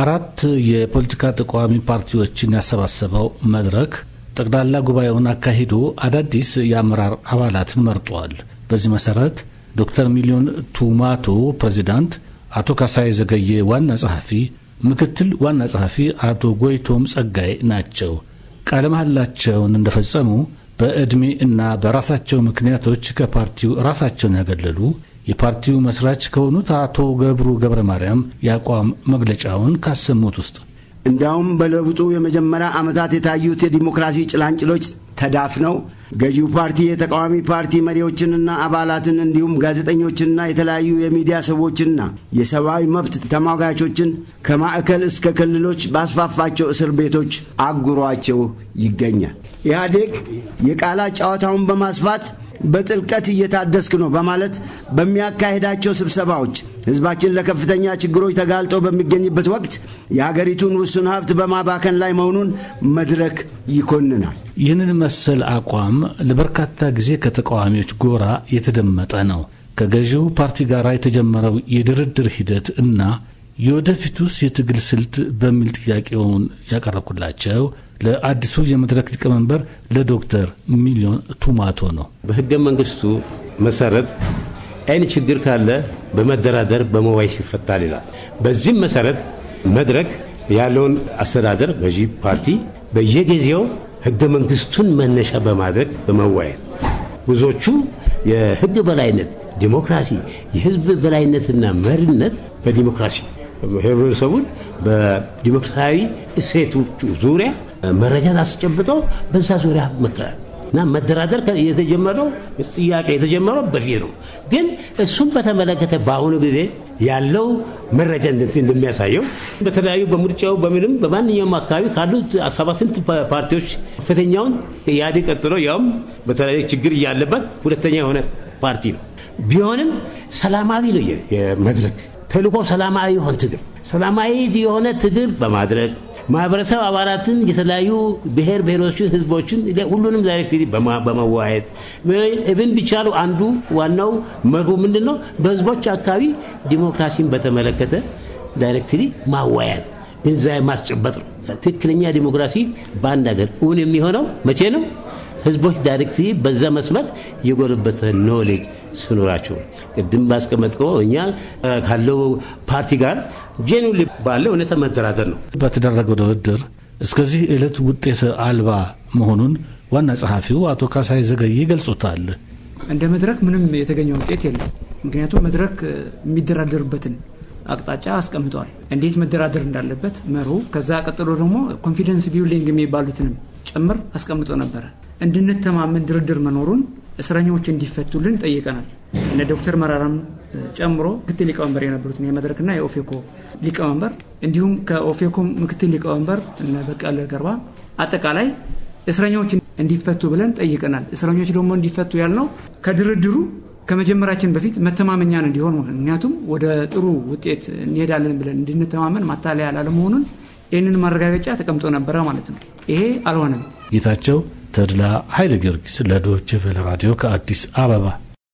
አራት የፖለቲካ ተቃዋሚ ፓርቲዎችን ያሰባሰበው መድረክ ጠቅላላ ጉባኤውን አካሂዶ አዳዲስ የአመራር አባላትን መርጧል። በዚህ መሰረት ዶክተር ሚሊዮን ቱማቶ ፕሬዚዳንት፣ አቶ ካሳይ ዘገየ ዋና ጸሐፊ፣ ምክትል ዋና ጸሐፊ አቶ ጎይቶም ጸጋይ ናቸው። ቃለ መሐላቸውን እንደፈጸሙ በዕድሜ እና በራሳቸው ምክንያቶች ከፓርቲው ራሳቸውን ያገለሉ የፓርቲው መስራች ከሆኑት አቶ ገብሩ ገብረ ማርያም የአቋም መግለጫውን ካሰሙት ውስጥ እንዲያውም በለውጡ የመጀመሪያ ዓመታት የታዩት የዲሞክራሲ ጭላንጭሎች ተዳፍነው ገዢው ፓርቲ የተቃዋሚ ፓርቲ መሪዎችንና አባላትን እንዲሁም ጋዜጠኞችንና የተለያዩ የሚዲያ ሰዎችንና የሰብአዊ መብት ተሟጋቾችን ከማዕከል እስከ ክልሎች ባስፋፋቸው እስር ቤቶች አጉሯቸው ይገኛል። ኢህአዴግ የቃላት ጨዋታውን በማስፋት በጥልቀት እየታደስክ ነው በማለት በሚያካሄዳቸው ስብሰባዎች ህዝባችን ለከፍተኛ ችግሮች ተጋልጦ በሚገኝበት ወቅት የሀገሪቱን ውሱን ሀብት በማባከን ላይ መሆኑን መድረክ ይኮንናል። ይህንን መሰል አቋም ለበርካታ ጊዜ ከተቃዋሚዎች ጎራ የተደመጠ ነው። ከገዢው ፓርቲ ጋር የተጀመረው የድርድር ሂደት እና የወደፊቱስ የትግል ስልት በሚል ጥያቄውን ያቀረብኩላቸው ለአዲሱ የመድረክ ሊቀመንበር ለዶክተር ሚሊዮን ቱማቶ ነው። በህገ መንግስቱ መሰረት አይን ችግር ካለ በመደራደር በመዋይስ ይፈታል ይላል። በዚህም መሰረት መድረክ ያለውን አስተዳደር በዚ ፓርቲ በየጊዜው ህገ መንግስቱን መነሻ በማድረግ በመዋየት ብዙዎቹ የህግ በላይነት ዲሞክራሲ፣ የህዝብ በላይነትና መሪነት በዲሞክራሲ ህብረተሰቡን በዲሞክራሲያዊ እሴቶቹ ዙሪያ መረጃ አስጨብጦ በዛ ዙሪያ መከራል እና መደራደር የተጀመረው ጥያቄ የተጀመረው በፊት ነው። ግን እሱም በተመለከተ በአሁኑ ጊዜ ያለው መረጃ እንደሚያሳየው በተለያዩ በምርጫው በምንም በማንኛውም አካባቢ ካሉት ሰባ ስንት ፓርቲዎች ከፍተኛውን ኢህአዴግ ቀጥሎ ያውም በተለያዩ ችግር እያለበት ሁለተኛ የሆነ ፓርቲ ነው። ቢሆንም ሰላማዊ ነው የመድረክ ተልእኮ ሰላማዊ የሆነ ትግል ሰላማዊ የሆነ ትግል በማድረግ ማህበረሰብ አባላትን የተለያዩ ብሔር ብሔሮችን፣ ህዝቦችን ሁሉንም ዳይሬክት በመዋየት እብን ቢቻሉ አንዱ ዋናው መርሁ ምንድን ነው? በህዝቦች አካባቢ ዲሞክራሲን በተመለከተ ዳይሬክትሊ ማዋያት ግንዛቤ ማስጨበጥ ነው። ትክክለኛ ዲሞክራሲ በአንድ ሀገር እውን የሚሆነው መቼ ነው? ህዝቦች ዳይሬክት በዛ መስመር የጎለበተ ኖሌጅ ስኖራቸው ቅድም ባስቀመጥከው እኛ ካለው ፓርቲ ጋር ጄኒውሊ ባለ ሁኔታ መደራደር ነው። በተደረገው ድርድር እስከዚህ ዕለት ውጤት አልባ መሆኑን ዋና ጸሐፊው አቶ ካሳይ ዘገዬ ገልጾታል። እንደ መድረክ ምንም የተገኘ ውጤት የለም። ምክንያቱም መድረክ የሚደራደርበትን አቅጣጫ አስቀምጧል። እንዴት መደራደር እንዳለበት መርሁ፣ ከዛ ቀጥሎ ደግሞ ኮንፊደንስ ቢውሊንግ የሚባሉትንም ጭምር አስቀምጦ ነበረ። እንድንተማመን ድርድር መኖሩን እስረኞች እንዲፈቱልን ጠይቀናል። እነ ዶክተር መራራም ጨምሮ ምክትል ሊቀመንበር የነበሩትን የመድረክና የኦፌኮ ሊቀመንበር እንዲሁም ከኦፌኮ ምክትል ሊቀመንበር እነ በቀለ ገርባ አጠቃላይ እስረኞች እንዲፈቱ ብለን ጠይቀናል። እስረኞች ደግሞ እንዲፈቱ ያልነው ከድርድሩ ከመጀመሪያችን በፊት መተማመኛን እንዲሆን ምክንያቱም ወደ ጥሩ ውጤት እንሄዳለን ብለን እንድንተማመን ማታለያ ላለመሆኑን ይህንን ማረጋገጫ ተቀምጦ ነበረ ማለት ነው። ይሄ አልሆነም። ጌታቸው ተድላ ኃይለ ጊዮርጊስ ለዶይቼ ቬለ ራዲዮ ከአዲስ አበባ